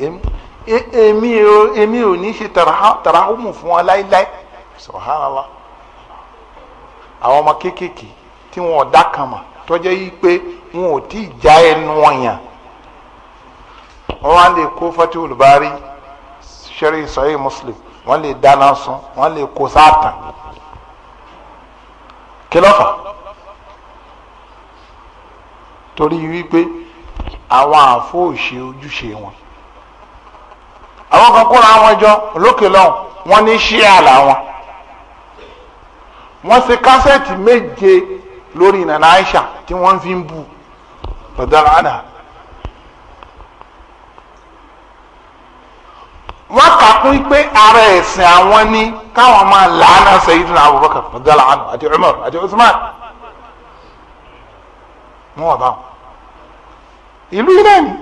èmi e, ò ní ṣe tàràhùmù fún wa láéláé subhanallah àwọn ọmọ kéékèèké tí wọn ò dá kan mọ̀ tọ́jẹ́ yìí pé wọn ò tí ì já ẹnu ọ̀yàn wọn wá lè kó Fatihul Bari sẹ́rí sọ́yìn Muslim wọn lè dáná sun wọn lè kó sáàtàn kí ló fà torí wípé àwọn àfọ òṣè ojúṣe wọn àwọn kan kóra wọn jọ lókè lọ́hùn wọn ní ṣíà làwọn wọn ṣe kásẹ̀tì méje lórí nana Aisha tí wọ́n fi ń bu lọ́dọ̀rọ̀ àná. wọ́n kà kún pé ara ẹ̀sìn àwọn ni káwọn máa làánà Sayyidina Abubakar lọ́dọ̀rọ̀ àná àti Umar àti Usman wọ́n wà báwọn ìlú ilé ni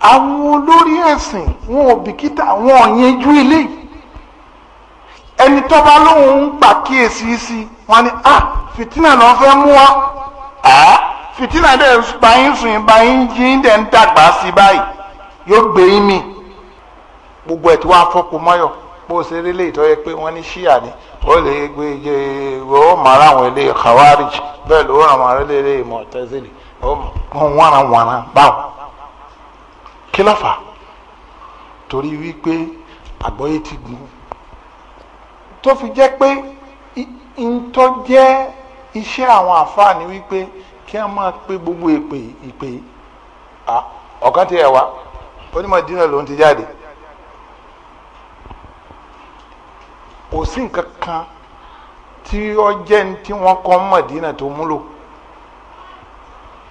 àwọn olórí ẹ̀sìn wọn ò bìkítà wọn ò yanjú ilé ẹni tó lóun ń gbà kíyèsí sí wọn ni ah fìtínà ló fẹ́ mú wa fìtínà dẹ̀ báyìí sùn báyìí jí dẹ̀ ń dàgbà sí báyìí yóò gbé yín mi gbogbo ẹ̀ tí wàá fọ́pọ̀ mọ́yọ̀ bó ṣe rí lè tọ́yẹ pé wọ́n ní ṣíà ni ó lè gbé e ó mọ ara àwọn ilé khawarij bẹ́ẹ̀ ló ràn wọ́n ara ilé mọ̀tẹ́sílì ó wọ́n wọ́n ara báwọn. kí ló fà torí wípé àgbọ́yé ti gùn tó fi jẹ́ pé ntọ́ iṣẹ́ àwọn àfáà ni wípé kí wọ́n máa pé gbogbo ìpè ìpè ọ̀kan ti ẹ̀ wá onímọ̀ dínà lòun ti jáde kò sí nǹkan kan tí ó jẹ́ ní tí wọ́n kọ́ Mọ̀dínà tó múlò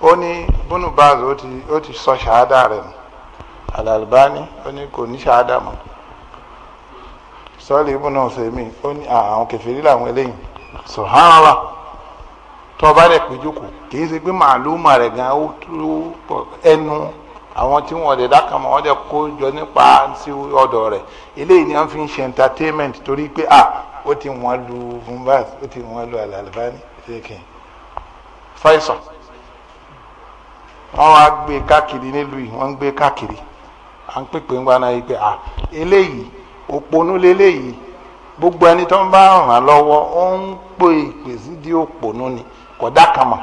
ó ní bùnú báàzì ó ti sọ ṣáádà rẹ̀ nù Al-Albani ó ní kò ní ṣáádà mọ́ sọ́ọ̀lì ibùnà ọ̀sẹ̀ mi ó ní àwọn kẹfìrí làwọn eléyìí subhanallah. tó bá rẹ̀ pé jókòó kì í ṣe pé màálùmọ̀ rẹ̀ gan ó pọ̀ ẹnu àwọn tí wọn lè dákà wọn lè kó jọ nípa sí rẹ̀ eléyìí ni fi ń entertainment torí pé à ó ti wọn lu Mumbaz ó ti wọn lu albani Faisal wá gbé káàkiri nílùú yìí gbé káàkiri à ń pèpè gbogbo ẹni tó ń bá ràn án lọ́wọ́ ó wɔda kama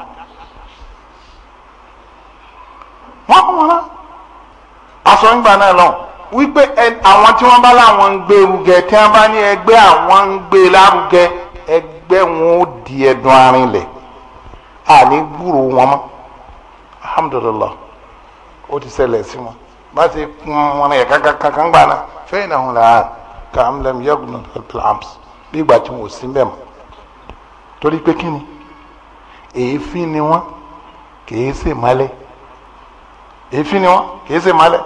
wọn kò wọn asọ̀ngbà náà lọ wípé àwọn tí wọ́n bá láwọn ń gbé rugẹ tí wọ́n bá ní ẹgbẹ́ àwọn ń gbé lárugẹ ẹgbẹ́ wọn ó di ẹdun a ní gbúrò wọn mọ́ alhamdulilah ó ti ṣẹlẹ̀ sí wọn bá ti kún wọn yẹ kankan gbà náà yẹ́gùn náà plams bí ìgbà tí ò sí mbẹ́ mọ́ torí èéfín ni wọ́n kìí ṣe mọ́lẹ̀ èéfín ni wọ́n kìí ṣe mọ́lẹ̀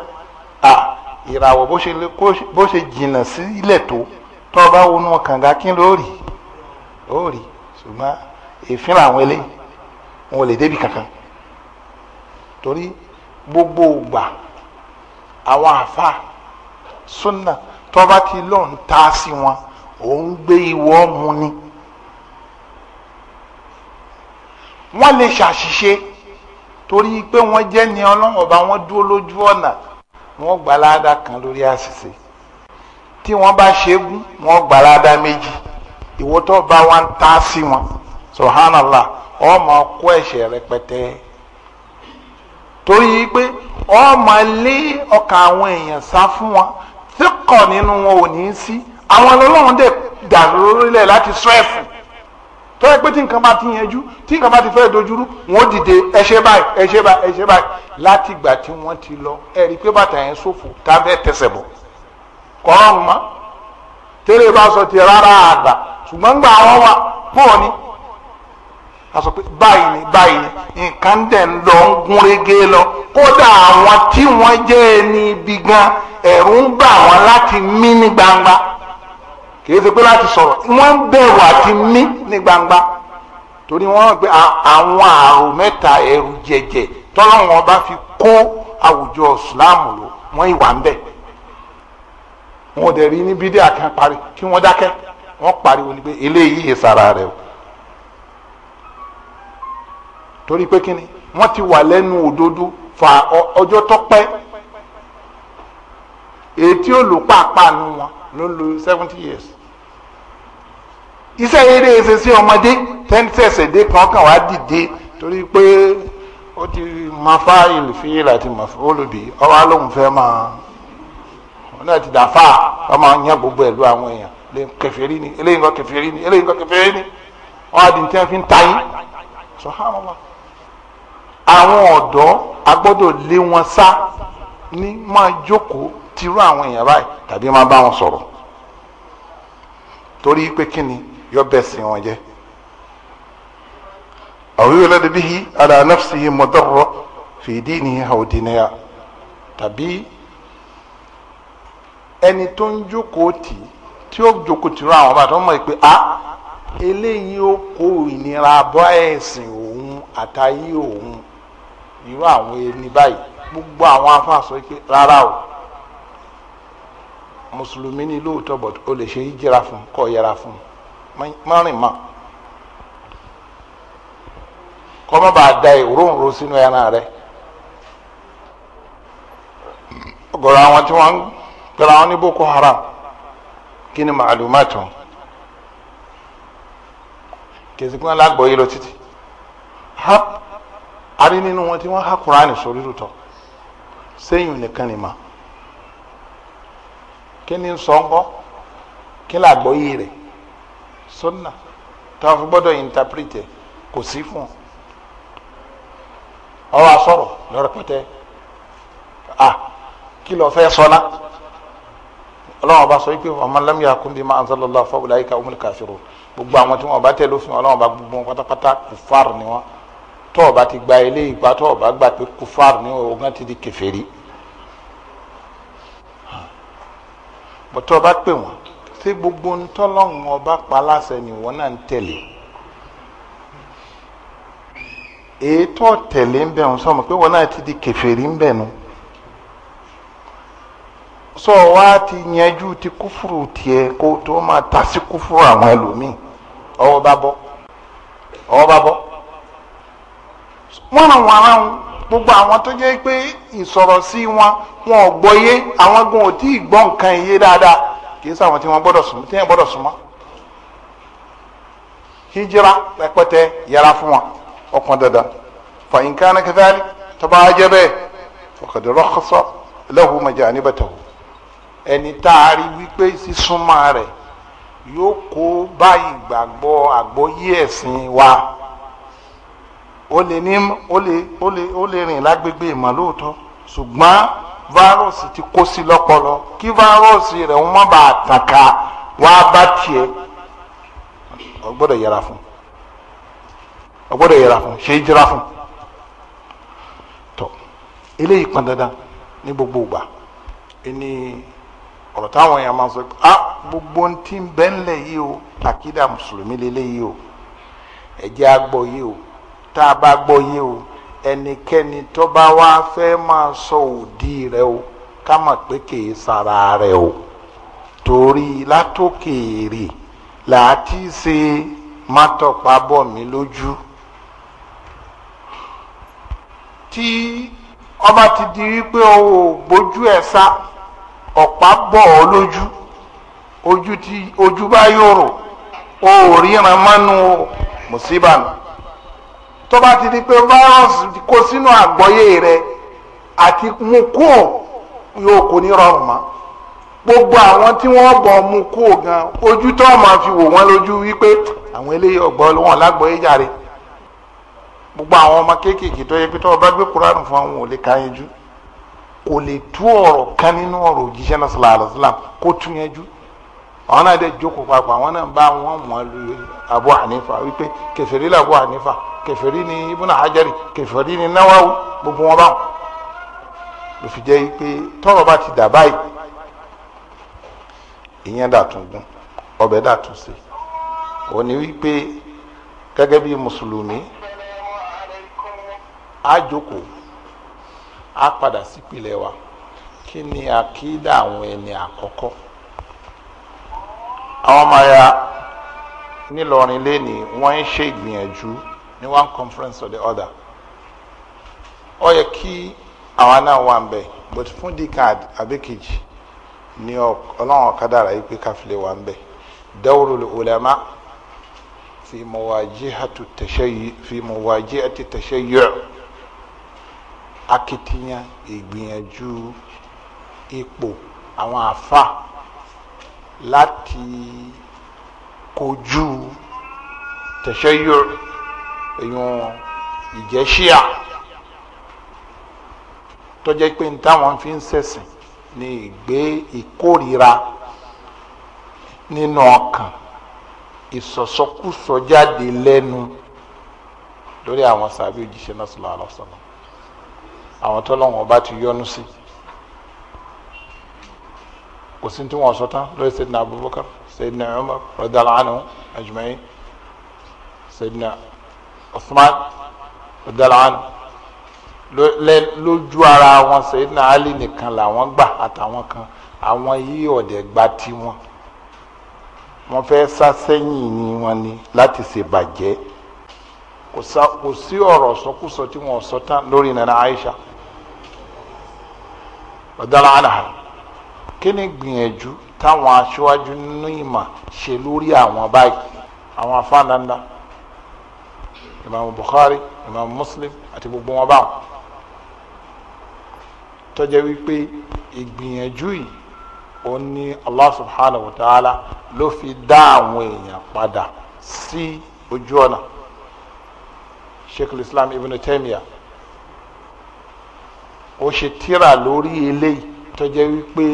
à ìràwọ̀ bó ṣe jìnnà sílẹ̀ tó tó bá wọnú kànga kí ló rí ó rí ṣùgbọ́n èéfín làwọn eléyìí wọn ò lè débi kankan torí gbogbo ògbà àwọn àfa súnà tó bá ti lóun ta sí wọn òun gbé ìwọ mu ni. wọ́n lè ṣàṣìṣe torí pé wọ́n jẹ́ ni ọlọ́run ọba wọ́n dúró lójú ọ̀nà wọ́n gbà láàdá kan lórí àṣìṣe tí wọ́n bá ṣẹ́gun wọ́n gbà láàdá méjì ìwọ tó bá wa ń ta sí wọn subhanallah ọmọ kó ẹ̀ṣẹ̀ rẹpẹtẹ torí pé ọmọ lé ọkàn àwọn èèyàn sá fún wọn tí kọ̀ nínú wọn ò ní sí àwọn ọlọ́run dẹ̀ dàrú lórílẹ̀ láti sọ́ẹ̀fù tó yẹ pé tí nǹkan bá ti yanjú tí nǹkan bá ti fẹ́ dojúrú wọn ó dìde ẹ ṣe báyìí ẹ ṣe báyìí ẹ ṣe báyìí láti ìgbà tí wọ́n ti lọ ẹ rí i pé bàtà yẹn ṣòfò tábẹ́ tẹsẹ̀ bọ̀ kọ́rọ́n mọ́ tẹ́lẹ̀ bá sọ ti rárá àgbà ṣùgbọ́n gbà wọ́n wà pọ̀ ni a sọ pé báyìí ni báyìí ni nǹkan dẹ̀ ń lọ ń gún régé lọ kódà àwọn tí wọ́n jẹ́ ẹni ibi gan ẹ̀rù ń bà wọ́n láti mí ní gbangba kìí ṣe pé láti sọ̀rọ̀ wọ́n ń bẹ̀rù àti mí ní gbangba torí wọ́n gbé àwọn àrùn mẹ́ta ẹ̀rù jẹjẹ tọ́lọ́wọ́n bá fi kó àwùjọ ìsìláàmù lọ wọ́n ìwà ń bẹ̀ wọn ò dẹ̀ rí ní bídíà kan parí kí wọ́n dákẹ́ wọ́n pariwo ni pé eléyìí yé sara rẹ o torí pé kíni wọ́n ti wà lẹ́nu òdodo fa ọjọ́ tọ́pẹ́ èyí tí ó lò pàápàá nu wọn ló ń seventy years iṣẹ́ eré ẹsẹ̀ sí ọmọdé tẹ́ńtẹ̀sẹ̀ dé kan kàn wá dìde torí pé ó ti mọ fáìlì fíìlì àti mọ̀fólùbí ọwọ́ alóhùn fẹ́ máa wọn náà ti dà fáà wọn máa yan gbogbo ẹ̀lú àwọn èèyàn kẹfẹ́rí ni eléyìí nǹkan kẹfẹ́rí ni eléyìí nǹkan kẹfẹ́rí ni wọn á di ní tí wọn fi ń ta yín subhanallah àwọn ọ̀dọ́ a lé wọn sá ní máa jókòó tirú àwọn èèyàn báyìí tàbí máa bá wọn sọ̀rọ̀ torí pé kí ni yọ bẹ sìn wọn jẹ àwọn yóò lọ́dọ̀ bíi ala nafsihi mọ̀dọ́rọ̀ fìdí ni àwòdìnnìyà tàbí ẹni tó ń jókòó tì tí ó jókòó tì rán eléyìí ó kó ìnira bọ́ ẹ̀sìn òun àtàyè òun irú àwọn ẹni báyìí gbogbo àwọn afáàsọ pé rárá o mùsùlùmí ni lóòótọ́ bọ̀ ó lè ṣe yíjẹra fún kọ́ yẹra fún un. ma ma ni ma kɔma b'a da yi ro ro sinu yana rɛ gɔrɔ awon ti wọn gbɛrɛ awon ni boko haram kini maaluma tó kesekun ala gbɔ yelo titi ha ari ninu wọn ti wọn ha kuran sori tutɔ seyun ne kan ni ma kini sɔngɔ kila gbɔ yi sunna tí wọ́n fi gbọ́dọ̀ interpret e, kò sí fún ọ wá sọ̀rọ̀ lọ́rọ̀ pẹ́tẹ́ à kí lọ fẹ́ sọ́nà ọlọ́wọ́n bá sọ wípé ọmọ lẹ́mìí àkúndé máa ń sọ́lọ́lá fọ́wọ́lá yìí ká umul kafirun gbogbo àwọn tí wọ́n bá tẹ̀ lófin ọlọ́wọ́n bá gbogbo wọn pátápátá kùfàr ni wọ́n tó o bá ti gba ilé ìgbà tó o bá gbà pé kùfàr ni ogun ti di kèfèrí bọ́tọ́ bá pè wọ́n ṣé gbogbo ntọ́lọ́hún ọba paláṣẹ nìwọ náà ń tẹ̀lé ètò tẹ̀lé ń bẹ̀ ń pé náà ti di kèfèrí ń sọ wá ti yanjú ti kufuru tiẹ̀ kó tó máa ta sí awọn àwọn ẹlòmíì ọwọ́ bá bọ́ ọwọ́ bá gbogbo àwọn tó jẹ́ pé ìsọ̀rọ̀ sí wọn wọn ò àwọn gan ò tí ì gbọ́ nǹkan kì í sáwọn tí wọ́n gbọ́dọ̀ sùn tí wọ́n gbọ́dọ̀ sùn mọ́ hijira pẹpẹtẹ yẹra fún wọn ọkàn dandan fàyín kánà kẹfẹ́ẹ́lì tọ́ba ajẹ́ bẹ́ẹ̀ fọkàdé rọ́kọsọ lẹ́hùn mọ̀jà níbẹ̀tẹ̀ wò ẹni tá a rí wípé sísúnmọ́ rẹ̀ yóò kó báyìí gbàgbọ́ àgbọ́yé ẹ̀sìn wa ó lè ní ó lè ó lè ó lè rìn lágbègbè ìmọ̀ lóòótọ́ ṣùgbọ́n virus ti kó sí lọ́pọlọ kí virus rẹ̀ ń mọ́ bá a tàn ká wá bá tiẹ̀ o gbọ́dọ̀ yẹra fún o gbọ́dọ̀ yẹra fún ṣe é jira fún tọ eléyìí pọn dandan ní gbogbo ìgbà ẹni ọ̀rọ̀ táwọn èèyàn máa sọ pé ah gbogbo ohun tí ń bẹ ńlẹ̀ yìí o àkídà mùsùlùmí lélẹ́yìí o ẹ̀jẹ̀ á yìí o tá a bá gbọ́ yìí o ẹnikẹ́ni tó bá wá fẹ́ máa sọ òdì rẹ o ká mọ̀ pé kìí sara rẹ o torí látòkèèrè làátí ṣe mátọ̀pá bọ̀ mí lójú tí ọba ti di wípé o ò gbójú ẹ̀ sá ọ̀pá bọ̀ ọ́ lójú ojú ti ojú bá yòrò o ò ríran mọ́nu mùsíbà nù tó bá ti di pé fáírọ́ọ̀sì kó sínú àgbọ́yé rẹ àti mú kúò yóò kò ní rọrùn mọ́ gbogbo àwọn tí wọ́n bọ̀ mú kúò gan ojú tó máa fi wò wọ́n lójú wípé àwọn eléyìí ọ̀gbọ́n wọn lágbọ́yé jàre gbogbo àwọn ọmọ kéékèèké tó yẹ pé tó bá gbé kuranu fún àwọn ò lè ka yẹn jú kò lè tú ọ̀rọ̀ kan nínú ọ̀rọ̀ òjíṣẹ́ náà sallallahu alaihi kó tú yẹn jú àwọn náà dẹ̀ jókòó papọ̀ àwọn náà bá wọn mọ̀ ọ́ lu Abu Hanifa wípé kèfèrí l'Abu Hanifa kèfèrí ni ibùnà hajari kèfèrí ni náwáwú gbogbo wọn báwọn ló fi jẹ́ pé tọ́rọ̀ bá ti dà báyìí ìyẹn dàtún gún ọbẹ̀ dàtún sí ò ní wípé gẹ́gẹ́ bí mùsùlùmí á jókòó á padà sípìlẹ̀ wa kí ni àkídà àwọn ẹni àkọ́kọ́ àwọn ọmọ ya nílọrin lẹ́ni wọ́n ń ṣègbìyànjú ní one conference or the other ó yẹ kí àwa náà wà ń but fún dcard abikeji ní ọlọ́run ọ̀kadàrà yìí pé káfílẹ̀ wà ń bẹ dawrul ulama fi muwajihati tashayyu fi muwajihati tashayyu akitiyan ìgbìyànjú ipò àwọn àfa láti kojú tashayyu èèyàn ìjẹ́ṣíà tó jẹ́ pé ní táwọn fi ń ṣẹ̀sìn ní ìgbé ìkórira nínú ọkàn ìsọ̀sọ́kùsọ jáde lẹ́nu lórí àwọn sàbí òjíṣẹ́ náà sallallahu alaihi wasallam àwọn tọ́lọ́wọ́n bá ti yọ́nú sí kò sí tí wọ́n sọ tán lórí Sayyidina Abubakar Sayyidina Umar radiyallahu anhu ajma'in Sayyidina. Usman ọ̀dàlán lójú ara wọn Sayyidina Ali nìkan làwọn gbà àtàwọn kan àwọn yìí ọ̀dẹ̀ gba tiwọn wọn fẹ́ sá sẹ́yìn ni wọn ni láti ṣèbàjẹ́ kò sí ọ̀rọ̀ sọkúsọ tí wọn sọ tán lórí nana Aisha ọ̀dàlán àná kí ni gbìyànjú táwọn aṣáájú nínú ìmọ̀ ṣe lórí àwọn báyìí àwọn afáńdáńdá imaamu bukhari imaamu muslim àti gbogbo wọn báwọn tó jẹ́ wípé ìgbìyànjú yìí ó ní allah subhanahu wa ta'ala ló fi dá àwọn èèyàn padà sí ojú ọ̀nà sheikh islam ibn taymiya ó ṣe tírà lórí eléyìí tó wípé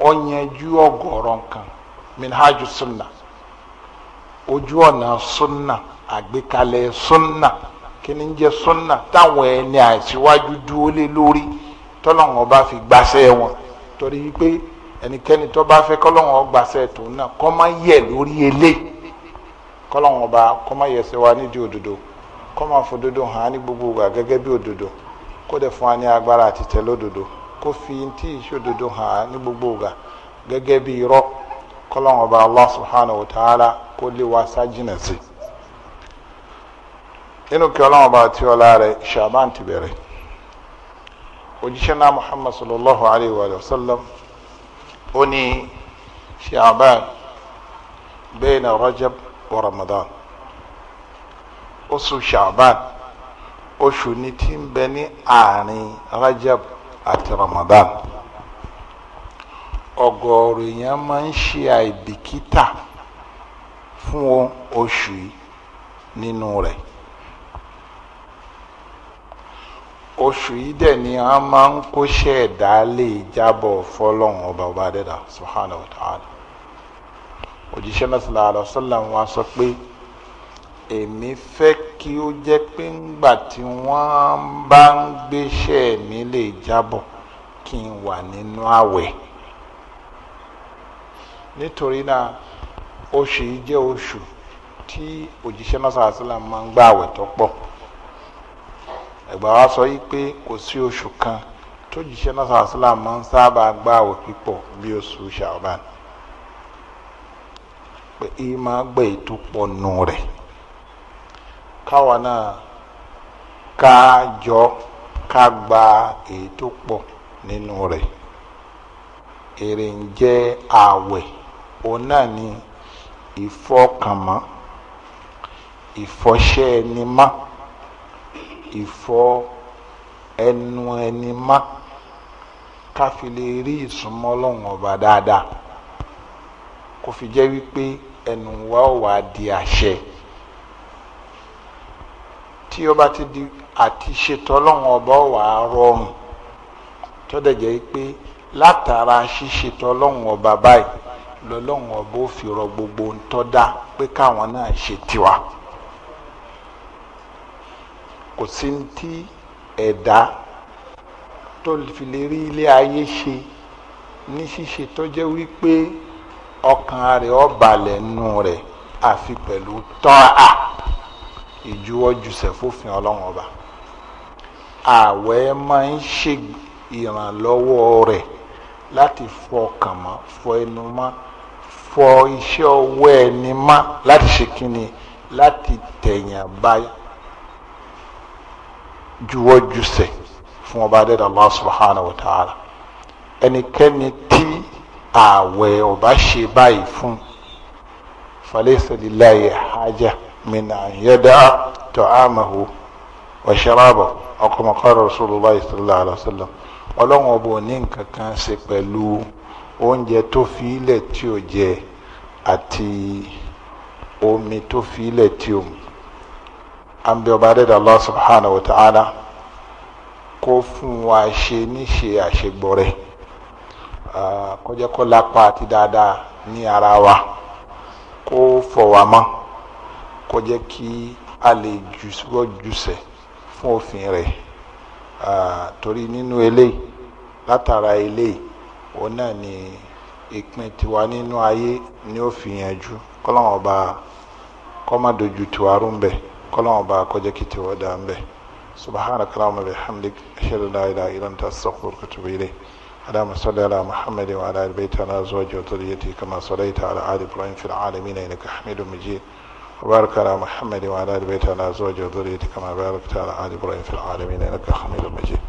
ó yanjú ọ̀gọ̀rọ̀ nǹkan minhaju sunna ojú ọ̀nà sunna. àgbékalẹ̀ sunna kíni ń jẹ́ sunna táwọn ẹni àṣìwájú dúró lé lórí tọ́lọ́wọ́n bá fi gbàṣẹ wọn torí pé ẹnikẹ́ni tó bá fẹ́ kọ́lọ́wọ́n gbàṣẹ tòun náà kọ́ máa yẹ lórí elé kọ́lọ́wọ́n bá kọ́ máa yẹ nídìí òdodo kọ́ gbogbo ìgbà gẹ́gẹ́ bí òdodo kó dẹ̀ fún wa ní agbára àti tẹ̀lé òdodo kó fi tí ìṣòdodo hàn án ní gbogbo ìgbà gẹ́gẹ́ bí irọ́ kọ́lọ́wọ́n bá Allah subhanahu wa ta'ala kó lé wa nínú kí ọlọ́run bá ti ọlá rẹ̀ ṣàbán ti bẹ̀rẹ̀ òjíṣẹ́ náà muhammad sallallahu alayhi wa sallam ó ní ṣàbán bayna rajab wa ramadan oṣù ṣàbán oṣù ní ti ń bẹ ní àárín rajab àti ramadan ọ̀gọ̀ọ̀rọ̀ èèyàn máa ń ṣe àìbìkítà fún oṣù nínú rẹ̀. oṣù yìí dẹ̀ ni a máa ń kóṣẹ́ ẹ̀dá lè jábọ̀ fọlọ́run ọba ọba dẹ́dà subhanahu wa ta'ala òjíṣẹ́ mẹ́sàlá àlọ́sọ́làm sọ pé èmi fẹ́ kí ó jẹ́ pé ńgbà tí wọ́n bá ń gbéṣẹ́ mi lè jábọ̀ kí n wà nínú àwẹ̀ nítorí náà oṣù yìí jẹ́ oṣù tí òjíṣẹ́ máa ń gbà ẹgbà wa sọ yìí pé kò sí oṣù kan tó jíṣẹ́ náà sàásìlà máa ń sábà gba àwẹ̀ pípọ̀ bí oṣù ṣàbàn pé ìyí máa gbẹ ètò pọ̀ nù rẹ̀ káwa náà ká jọ ká gba ètò pọ̀ nínú rẹ̀ èrè ń jẹ́ àwẹ̀ òun náà ni ìfọkànmọ́ ìfọṣẹ́ ẹni mọ́. ìfọ ẹnu ẹni má ká fi lè rí ìsúnmọ́ Ọlọ́run ọba dáadáa kò fi jẹ́ wípé ẹnu wa ò wá di àṣẹ tí ó bá ti di àti ṣètò Ọlọ́run ọba ò wá rọrùn tó dẹ̀ jẹ́ pé látara ṣíṣètò Ọlọ́run ọba báyìí lọ́lọ́run ọba ó fi rọ gbogbo ń tọ́ da pé káwọn náà ṣe tiwa kò sí ti ẹ̀dá tó fi lè rí ilé ayé ṣe ní ṣíṣe tó jẹ́ wípé ọkàn rẹ̀ ọ̀balẹ̀ nù rẹ̀ àfi pẹ̀lú tọ́à ìjuwọ́jusẹ̀ fófin ọlọ́run ọba ààwẹ̀ máa ń ṣe ìrànlọ́wọ́ rẹ̀ láti fọ ọkàn mọ́ fọ ẹnu mọ́ fọ iṣẹ́ ọwọ́ ẹni mọ́ láti ṣe kínni láti tẹ̀yàn báyìí juwọ́ jusẹ̀ fún ọba adẹ́dà Allah subhanahu wa ta'ala ẹnikẹ́ni tí ààwẹ̀ ọba ṣe báyìí fún falaysa lillahi haja min an yada'a ta'amahu wa sharabahu aw kama qala rasulullah sallallahu alaihi wa sallam ọlọ́run ọba ò ní nǹkan kan ṣe pẹ̀lú oúnjẹ tó fi ilẹ̀ tí ó jẹ àti omi tó fi ilẹ̀ tí ó mu an bẹ ọba dẹ́dà Allah subhanahu wa ta'ala kó fún wa ṣe níṣe àṣegbọ́rẹ́ kọjá kó lápá àti dáadáa ní ara wa kó fọ̀ mọ́ kó kí a lè jùsọ́ jùsẹ̀ fún òfin rẹ̀ torí nínú eléyìí látara eléyìí òun náà ni ìpín tiwa nínú ayé ni ó fi yanjú kọ́lọ́mọba kọ́mọdójú tiwa rú kọlọ́wọ́n bá kọjá kí tiwọ́ dáa ń bẹ̀ subhanaka allahumma bihamdik ashhadu an la ilaha illa anta astaghfiruka wa atubu ilayk اللهم صل على محمد وعلى ال بيته وعلى ازواجه وذريته كما صليت على ال ابراهيم في العالمين انك حميد مجيد وبارك على محمد وعلى ال بيته وعلى ازواجه وذريته كما باركت على ال ابراهيم في العالمين انك حميد مجيد